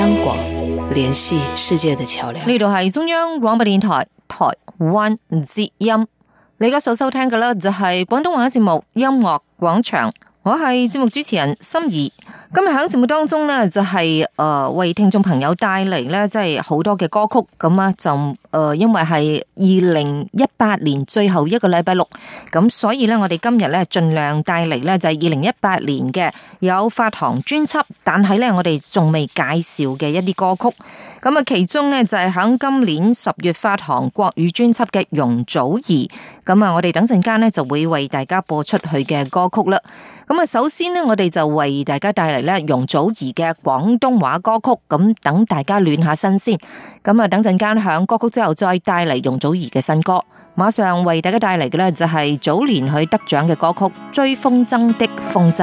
香港聯繫世界的橋樑。呢度係中央廣播電台台灣之音，你而家所收聽嘅咧就係廣東話節目《音樂廣場》，我係節目主持人心儀，今日響節目當中咧就係誒為聽眾朋友帶嚟咧即係好多嘅歌曲，咁啊就誒因為係二零一。八年最後一個禮拜六咁，所以呢，我哋今日呢盡量帶嚟呢就係二零一八年嘅有發行專輯，但係呢，我哋仲未介紹嘅一啲歌曲。咁啊，其中呢就係喺今年十月發行國語專輯嘅容祖兒。咁啊，我哋等陣間呢就會為大家播出去嘅歌曲啦。咁啊，首先呢，我哋就為大家帶嚟呢容祖兒嘅廣東話歌曲，咁等大家暖下身先。咁啊，等陣間響歌曲之後再帶嚟容祖兒嘅新歌。馬上為大家帶嚟嘅呢，就係早年佢得獎嘅歌曲《追風箏的風箏》。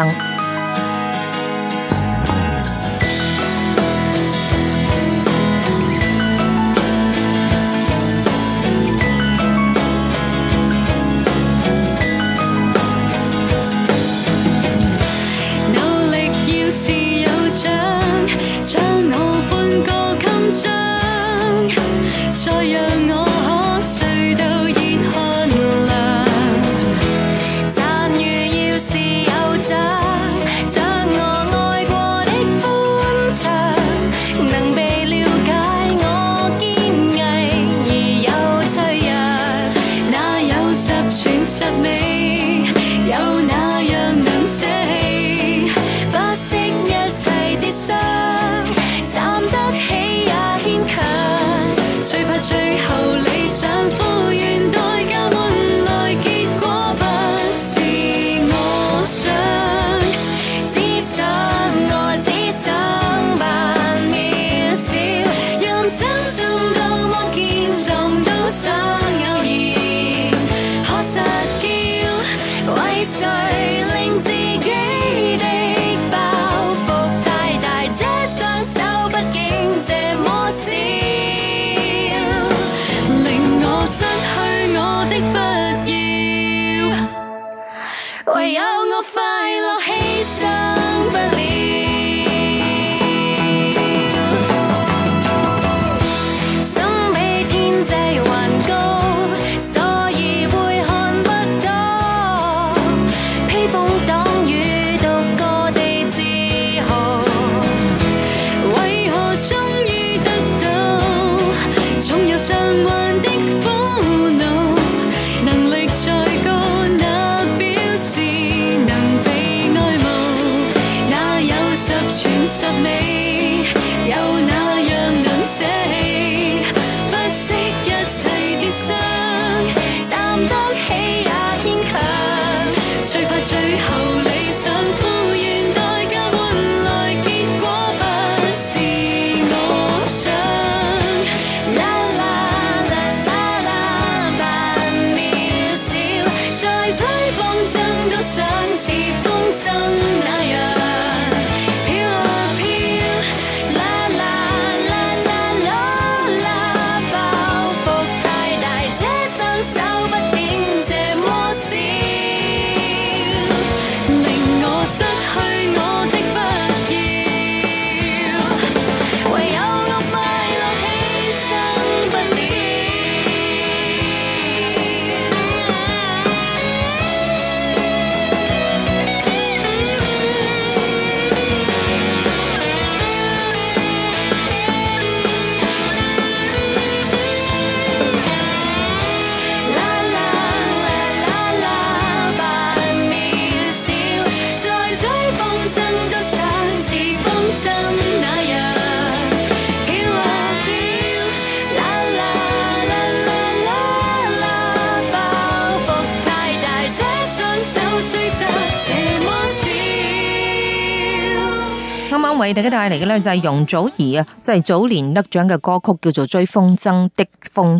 今晚為大家帶嚟嘅呢，就係容祖兒啊，即係早年得獎嘅歌曲叫做《追風箏的風箏》。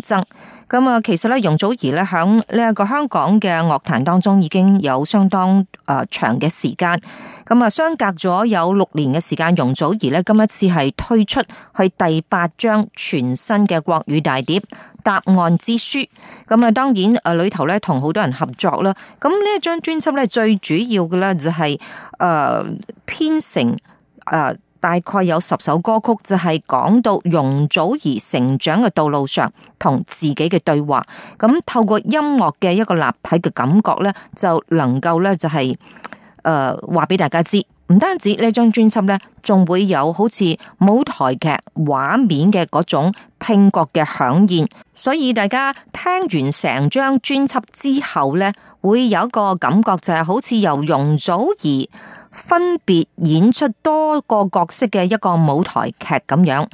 咁啊，其實咧容祖兒咧響呢一個香港嘅樂壇當中已經有相當誒長嘅時間。咁啊，相隔咗有六年嘅時間，容祖兒呢，今一次係推出去第八張全新嘅國語大碟《答案之書》。咁啊，當然誒裡頭咧同好多人合作啦。咁呢一張專輯咧最主要嘅咧就係誒編成。誒，大概有十首歌曲就係講到容祖兒成長嘅道路上同自己嘅對話。咁透過音樂嘅一個立體嘅感覺呢，就能夠呢就係誒話俾大家知。唔單止呢張專輯呢，仲會有好似舞台劇畫面嘅嗰種聽覺嘅嚮宴。所以大家聽完成張專輯之後呢，會有一個感覺就係好似由容祖兒。分別演出多個角色嘅一個舞台劇咁樣，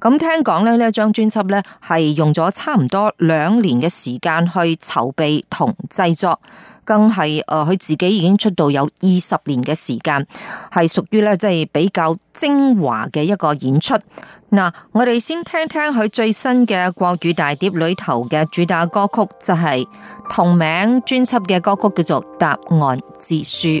咁聽講呢張專輯呢，係用咗差唔多兩年嘅時間去籌備同製作，更係誒佢自己已經出道有二十年嘅時間，係屬於呢即係、就是、比較精華嘅一個演出。嗱，我哋先聽聽佢最新嘅國語大碟裏頭嘅主打歌曲，就係、是、同名專輯嘅歌曲叫做《答案之書》。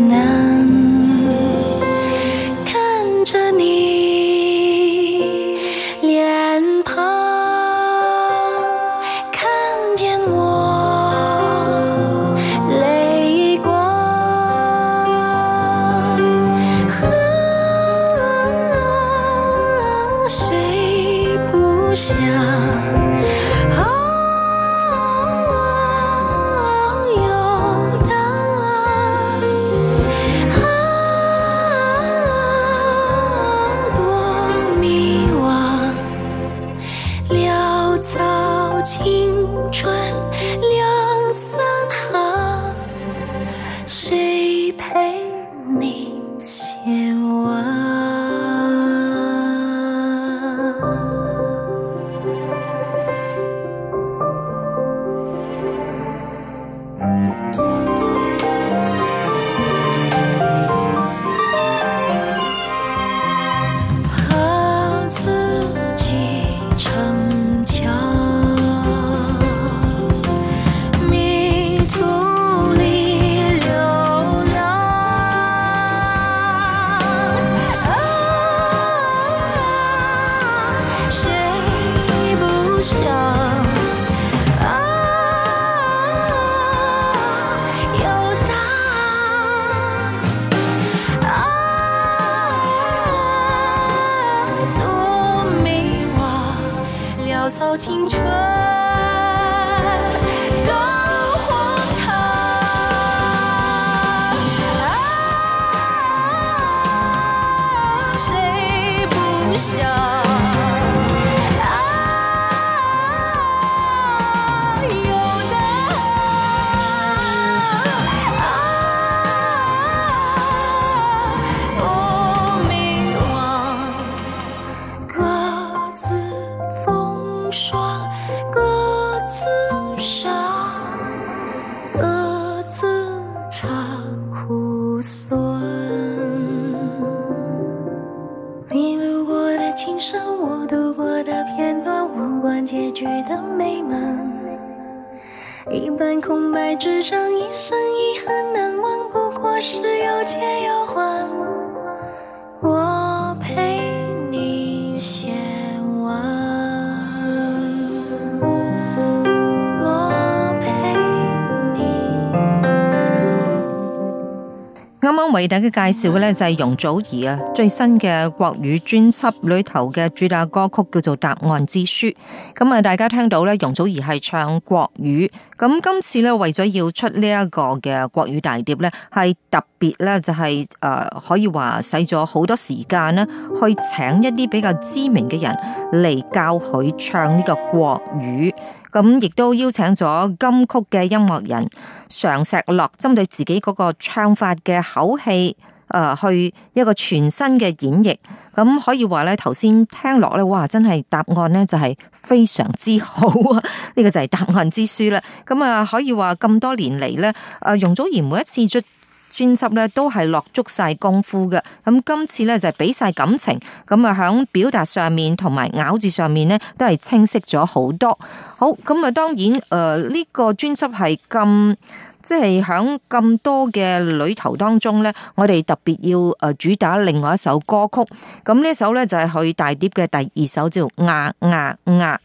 為大家介紹嘅咧，就係容祖兒啊最新嘅國語專輯裏頭嘅主打歌曲叫做《答案之書》。咁啊，大家聽到咧，容祖兒係唱國語。咁今次咧，為咗要出呢一個嘅國語大碟咧，係特別咧就係誒，可以話使咗好多時間咧，去請一啲比較知名嘅人嚟教佢唱呢個國語。咁亦都邀請咗金曲嘅音樂人常石樂，針對自己嗰個唱法嘅口氣，誒、呃，去一個全新嘅演繹。咁可以話咧，頭先聽落咧，哇，真係答案咧就係非常之好啊！呢 個就係答案之書啦。咁啊，可以話咁多年嚟咧，誒、呃，容祖兒每一次出。專輯咧都係落足晒功夫嘅，咁今次咧就係俾晒感情，咁啊響表達上面同埋咬字上面咧都係清晰咗好多。好，咁啊當然誒呢個專輯係咁即係響咁多嘅旅途當中咧，我哋特別要誒主打另外一首歌曲，咁呢首咧就係佢大碟嘅第二首叫做《啊啊啊》，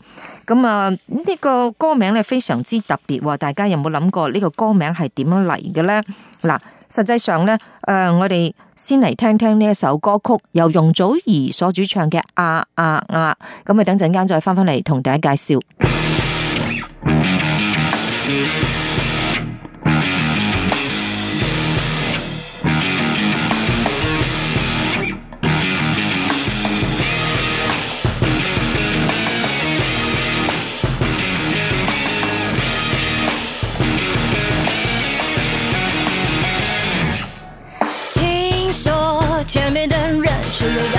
咁啊呢個歌名咧非常之特別，大家有冇諗過呢個歌名係點樣嚟嘅咧？嗱。實際上呢，誒、呃，我哋先嚟聽聽呢一首歌曲，由容祖兒所主唱嘅《啊啊啊》。咁啊，等陣間再翻返嚟同大家介紹。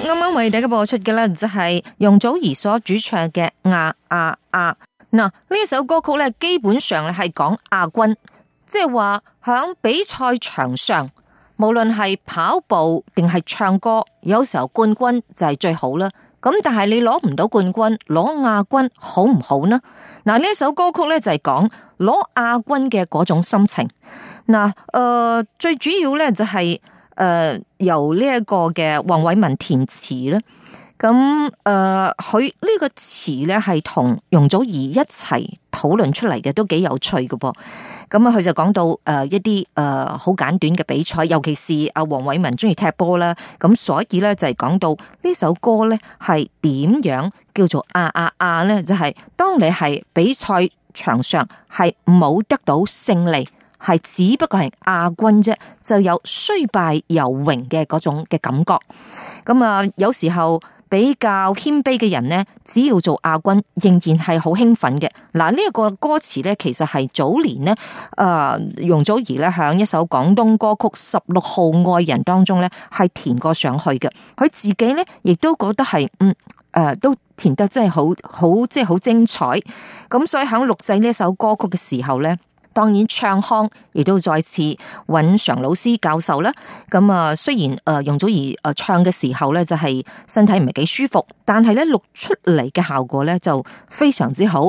啱啱為大家播出嘅咧，就係容祖兒所主唱嘅亞亞亞。嗱，呢一首歌曲咧，基本上咧係講亞軍，即係話響比賽場上，無論係跑步定係唱歌，有時候冠軍就係最好啦。咁但係你攞唔到冠軍，攞亞軍好唔好呢？嗱，呢一首歌曲咧就係講攞亞軍嘅嗰種心情。嗱，誒，最主要咧就係、是。誒、呃，由呢一個嘅黃偉文填詞咧，咁誒，佢、呃、呢個詞咧係同容祖兒一齊討論出嚟嘅，都幾有趣嘅噃。咁啊，佢就講到誒一啲誒好簡短嘅比賽，尤其是阿黃偉文中意踢波啦，咁所以咧就係講到呢首歌咧係點樣叫做啊啊啊咧？就係、是、當你係比賽場上係冇得到勝利。係只不過係亞軍啫，就有雖敗猶榮嘅嗰種嘅感覺。咁啊，有時候比較謙卑嘅人呢，只要做亞軍，仍然係好興奮嘅。嗱，呢、這、一個歌詞呢，其實係早年呢，誒、呃，容祖兒呢，響一首廣東歌曲《十六號愛人》當中呢，係填過上去嘅。佢自己呢，亦都覺得係嗯誒，都、呃、填得真係好好，即係好精彩。咁所以響錄製呢一首歌曲嘅時候呢。當然唱腔亦都再次揾常老師教授啦。咁啊，雖然容祖兒唱嘅時候咧，就係身體唔係幾舒服，但係咧錄出嚟嘅效果咧就非常之好。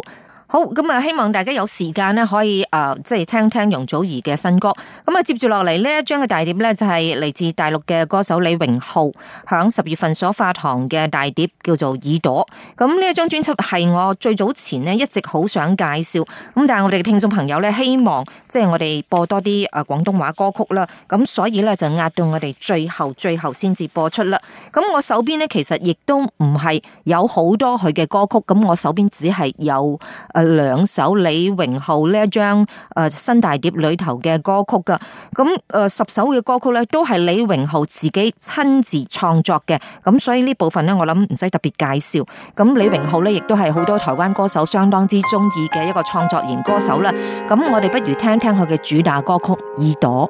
好，咁啊，希望大家有時間咧，可以誒，即、呃、係、就是、聽聽容祖兒嘅新歌。咁、嗯、啊，接住落嚟呢一張嘅大碟咧，就係嚟自大陸嘅歌手李榮浩，響十月份所發行嘅大碟叫做《耳朵》。咁、嗯、呢一張專輯係我最早前咧一直好想介紹，咁、嗯、但係我哋嘅聽眾朋友咧希望即係我哋播多啲誒廣東話歌曲啦。咁、嗯、所以咧就壓到我哋最後最後先至播出啦。咁、嗯、我手邊咧其實亦都唔係有好多佢嘅歌曲，咁、嗯、我手邊只係有。誒，兩首李榮浩呢一張誒新大碟裏頭嘅歌曲噶，咁誒十首嘅歌曲咧都係李榮浩自己親自創作嘅，咁所以呢部分咧我諗唔使特別介紹。咁李榮浩咧亦都係好多台灣歌手相當之中意嘅一個創作型歌手啦。咁我哋不如聽聽佢嘅主打歌曲《耳朵》。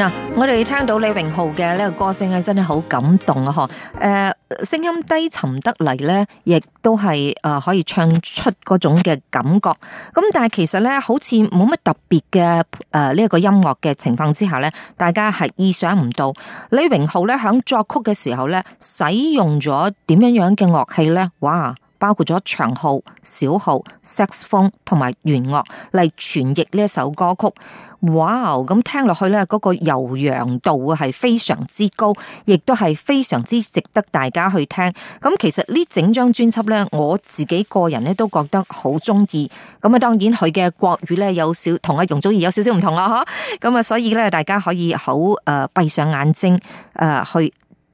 嗱，我哋聽到李榮浩嘅呢個歌聲咧，真係好感動啊！嗬，誒，聲音低沉得嚟咧，亦都係誒、呃、可以唱出嗰種嘅感覺。咁但係其實咧，好似冇乜特別嘅誒呢一個音樂嘅情況之下咧，大家係意想唔到李榮浩咧響作曲嘅時候咧，使用咗點樣樣嘅樂器咧，哇！包括咗長號、小號、saxophone 同埋弦樂嚟傳譯呢一首歌曲。哇！咁聽落去呢，嗰個悠揚度係非常之高，亦都係非常之值得大家去聽。咁其實呢整張專輯呢，我自己個人呢都覺得好中意。咁啊，當然佢嘅國語呢有少同阿容祖兒有少少唔同啊，吓咁啊，所以呢，大家可以好誒閉上眼睛誒、呃、去。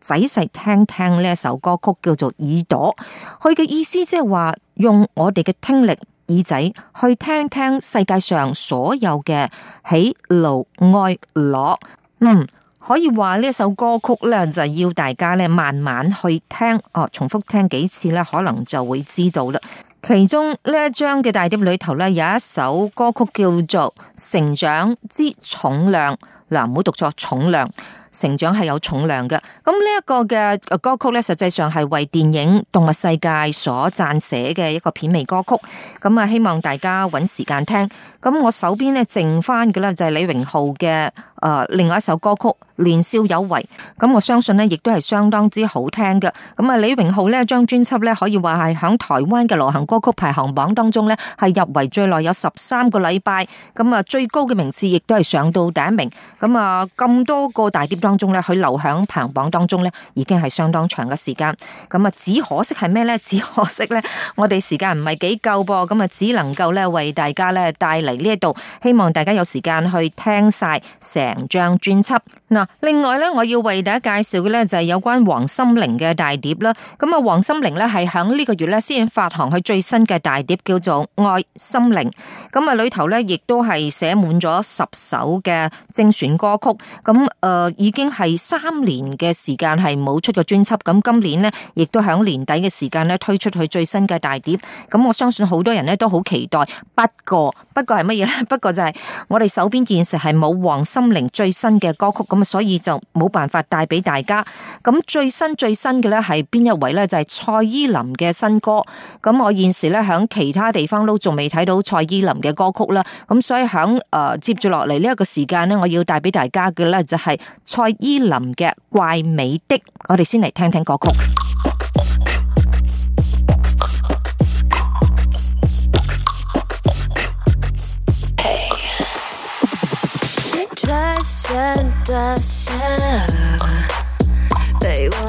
仔細聽聽呢首歌曲叫做耳朵，佢嘅意思即係話用我哋嘅聽力、耳仔去聽聽世界上所有嘅喜、怒、哀樂。嗯，可以話呢首歌曲呢，就要大家咧慢慢去聽哦，重複聽幾次呢，可能就會知道啦。其中呢一張嘅大碟裏頭呢，有一首歌曲叫做《成長之重量》，嗱唔好讀錯重量。成長係有重量嘅，咁呢一個嘅歌曲呢，實際上係為電影《動物世界》所撰寫嘅一個片尾歌曲，咁啊，希望大家揾時間聽。咁我手邊呢，剩翻嘅咧就係李榮浩嘅誒，另外一首歌曲《年少有為》，咁我相信呢，亦都係相當之好聽嘅。咁啊，李榮浩呢張專輯呢，可以話係響台灣嘅流行歌曲排行榜當中呢，係入圍最耐，有十三個禮拜，咁啊最高嘅名次亦都係上到第一名。咁啊，咁多個大碟。當中咧，佢留喺排行榜當中咧，已經係相當長嘅時間。咁啊，只可惜係咩咧？只可惜咧，我哋時間唔係幾夠噃。咁啊，只能夠咧為大家咧帶嚟呢一度，希望大家有時間去聽晒成張專輯。嗱，另外咧，我要為大家介紹嘅咧就係有關王心凌嘅大碟啦。咁啊，王心凌咧係響呢個月咧先發行佢最新嘅大碟，叫做《愛心凌》。咁啊，裏頭咧亦都係寫滿咗十首嘅精選歌曲。咁誒，已經係三年嘅時間係冇出過專輯。咁今年咧，亦都響年底嘅時間咧推出佢最新嘅大碟。咁我相信好多人咧都好期待。不過，不過係乜嘢咧？不過就係我哋手邊現時係冇王心凌最新嘅歌曲。咁所以就冇辦法帶俾大家。咁最新最新嘅呢，係邊一位呢？就係蔡依林嘅新歌。咁我現時呢，響其他地方都仲未睇到蔡依林嘅歌曲啦。咁所以響誒接住落嚟呢一個時間呢，我要帶俾大家嘅呢，就係蔡依林嘅《怪美的》。我哋先嚟聽聽歌曲。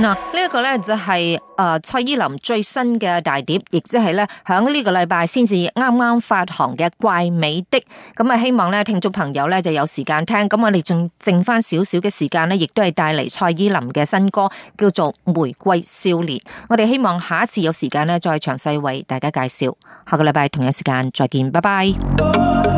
嗱，呢一個咧就係誒蔡依林最新嘅大碟，亦即係呢響呢個禮拜先至啱啱發行嘅《怪美的》，咁啊希望呢，聽眾朋友呢就有時間聽，咁我哋仲剩翻少少嘅時間呢，亦都係帶嚟蔡依林嘅新歌叫做《玫瑰少年》，我哋希望下一次有時間呢，再詳細為大家介紹，下個禮拜同一時間再見，拜拜。